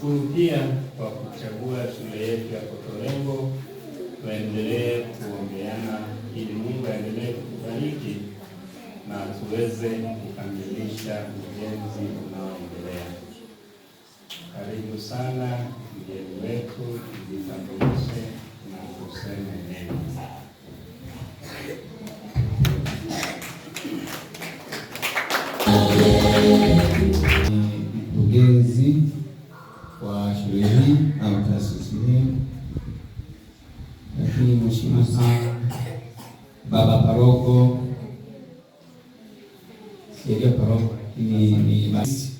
Tunashukuru pia kwa kuchagua shule yetu ya Kotolengo. Tuendelee kuombeana ili Mungu aendelee kukubariki na tuweze kukamilisha ujenzi unaoendelea. Karibu sana mgeni wetu, tujitambulishe na kuseme neno. Mkurugenzi kwa shule hii au taasisi hii, lakini mheshimiwa sana baba paroko, sielewa paroko, lakini ni basi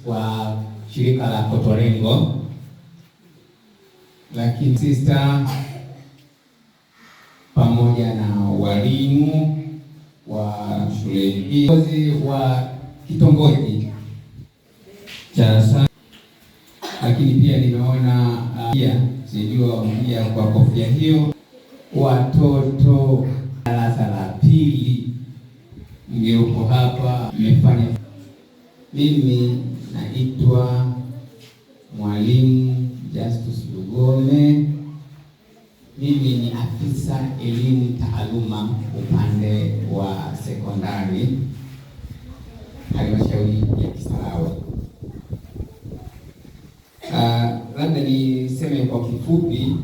shirika la kotorengo lakini sista pamoja na walimu wa shule hii, viongozi wa kitongoji cha lakini pia nimeona uh, pia sijua pia kwa kofia hiyo watoto darasa la pili ngeuko hapa mmefanya. Mimi naitwa Mwalimu Justus Lugome, mimi ni afisa elimu taaluma upande wa sekondari halmashauri ya Kisarawe. labda niseme kwa kifupi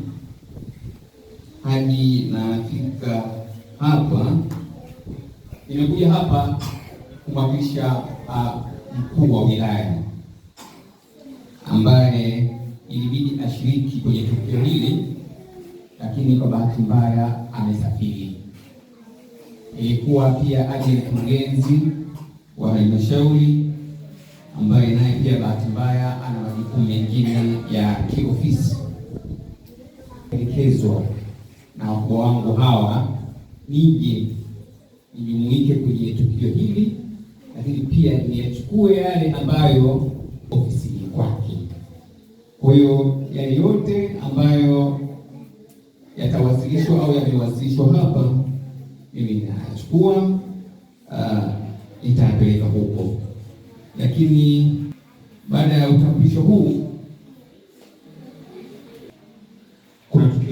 hadi nafika hapa. Nimekuja hapa kumwakilisha ah, mkuu wa wilaya ambaye ilibidi ashiriki kwenye tukio hili, lakini kwa bahati mbaya amesafiri. Ilikuwa pia ajenti mkurugenzi wa halmashauri ambaye naye pia bahati mbaya ana majukumu mengine ya kiofisi. Elekezwa na wako wangu hawa, nije nijumuike kwenye tukio hili, lakini pia niyachukue yale ambayo ofisini kwake. Kwa hiyo yale yote ambayo yatawasilishwa au yamewasilishwa hapa, mimi nayachukua, uh, ah, nitayapeleka huko lakini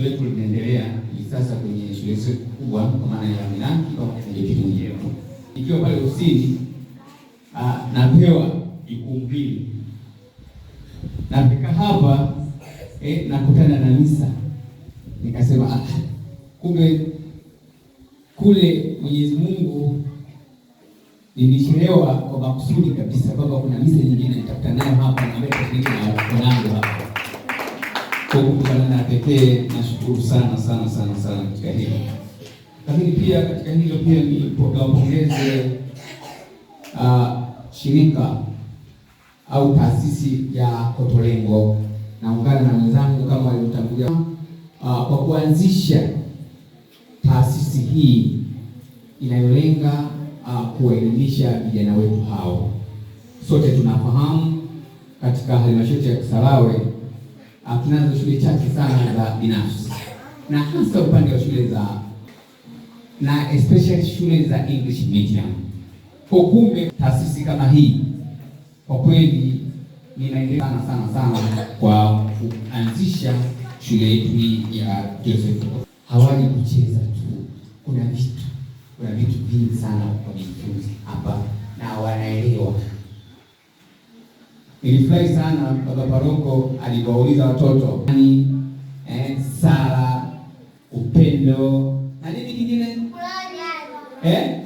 letu linaendelea hivi sasa kwenye shule zetu kubwa kwa maana ya Minaki pamoja na JP Mwenjeru. Ikiwa pale ofisini ah, napewa ikumbili, nafika hapa eh, nakutana na misa, nikasema ah, kumbe kule Mwenyezi Mungu nilichelewa kwa makusudi kabisa, kwamba kuna misa nyingine nitakuta nayo hapa na mbele kushiriki na hapa kwa kukutana na pekee na tunashukuru sana sana sana sana katika hilo. Lakini pia katika hilo pia kuwapongeze uh, ah, shirika au taasisi ya Kotolengo, naungana na wenzangu kama walivyotangulia uh, ah, kwa kuanzisha taasisi hii inayolenga uh, kuwaelimisha vijana wetu hao. Sote tunafahamu katika halmashauri ya Kisarawe tunazo shule chache sana za binafsi na hasa upande wa shule za na especially shule za English medium. Kwa kumbe taasisi kama hii kwa kweli ninaendelea sana sana sana kwa kuanzisha shule yetu hii ya Joseph. Hawali kucheza tu, kuna vitu kuna vitu vingi sana wamejifunza hapa na wanaelewa. Nilifurahi sana baba paroko alipouliza watoto yani eh, sala upendo na nini kingine eh?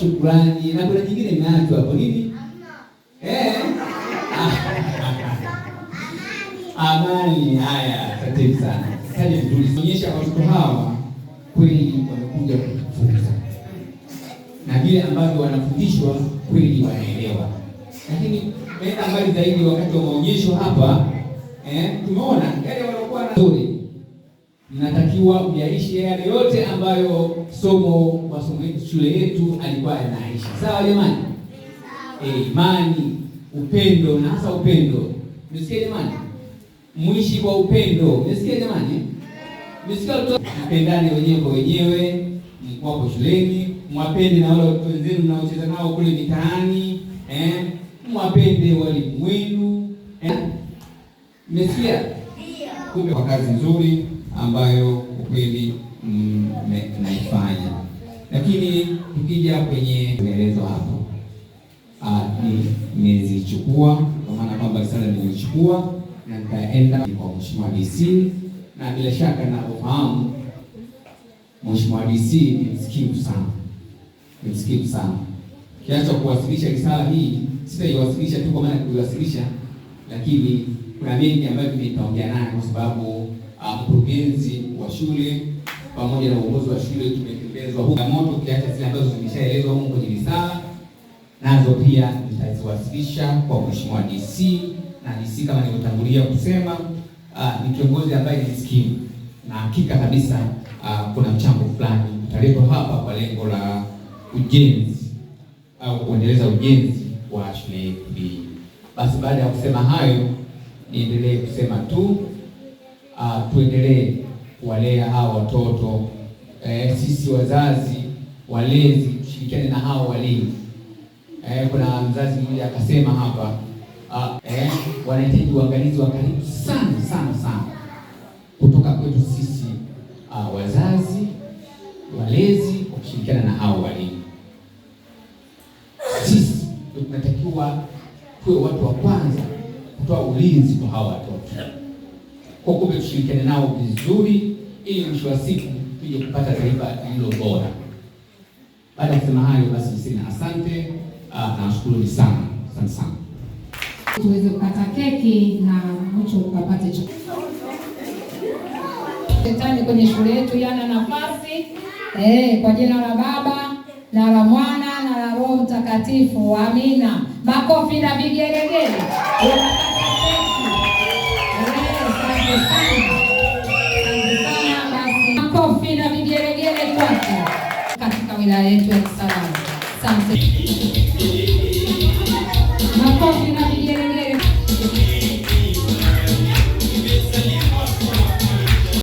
Shukrani na kuna kingine nacho hapo nini? Eh? Amani. Haya, asante sana, kaja vizuri. Onyesha watoto hawa kweli wamekuja kujifunza na vile ambavyo wanafundishwa kweli wanaelewa, lakini naenda mbali zaidi. Wakati wa maonyesho hapa eh, tumeona yale waliokuwa nzuri Inatakiwa uyaishi yale yote ambayo somo masomo shule yetu alikuwa yanaishi. Sawa jamani? E, imani, upendo na hasa upendo. Msikie jamani? Mwishi kwa upendo. Msikie jamani? Msikie mtu mpendane wenyewe kwa wenyewe, mko shuleni, mwapende na wale wenzenu mnaocheza nao kule mitaani, eh? Mwapende walimu wenu. Eh? Msikia? Kumbe kwa kazi nzuri ambayo ukweli mm, naifanya, lakini tukija kwenye maelezo hapo ah, nimezichukua kwa maana kwamba risala nimechukua na nitaenda kwa mheshimiwa DC, na bila shaka ufahamu mheshimiwa DC ni msikivu sana, ni msikivu sana kiasi cha kuwasilisha risala hii. Sitaiwasilisha tu kwa maana kuiwasilisha, lakini kuna mengi ambayo nitaongea naye kwa sababu Ah, mkurugenzi wa shule pamoja na uongozi wa shule tumetembezwa huko. moto, ukiacha zile ambazo zimeshaelezwa huko kwenye risala, nazo pia nitaziwasilisha kwa mheshimiwa DC, na DC kama nilivyotangulia kusema ah, ni kiongozi ambaye ni skimu na hakika kabisa uh, kuna mchango fulani utaletwa hapa kwa lengo la ujenzi au kuendeleza ujenzi wa shule yetu hii. Basi baada ya kusema hayo, niendelee kusema tu uh, tuendelee kuwalea hao watoto eh, sisi wazazi walezi tushirikiane na hao walimu eh, kuna mzazi mmoja akasema hapa uh, eh, wanahitaji uangalizi wa karibu sana sana sana kutoka kwetu sisi uh, wazazi walezi wakushirikiana na hao walimu. Sisi tunatakiwa tuwe watu wa kwanza kutoa ulinzi kwa hao watoto kwa kumbe tushirikiane nao vizuri, ili mwisho wa siku tuje kupata taifa lililo bora. Baada ya kusema hayo, basi sina asante. Uh, ah, nawashukuruni sana sana sana, tuweze kupata keki na mwisho ukapate chakula kwenye shule yetu yana nafasi eh, kwa jina la Baba na la Mwana na la Roho Mtakatifu, amina. Makofi na vigelegele makofi na vigeregere kwake katika wilaya yetu ya Kisarawe. Asante.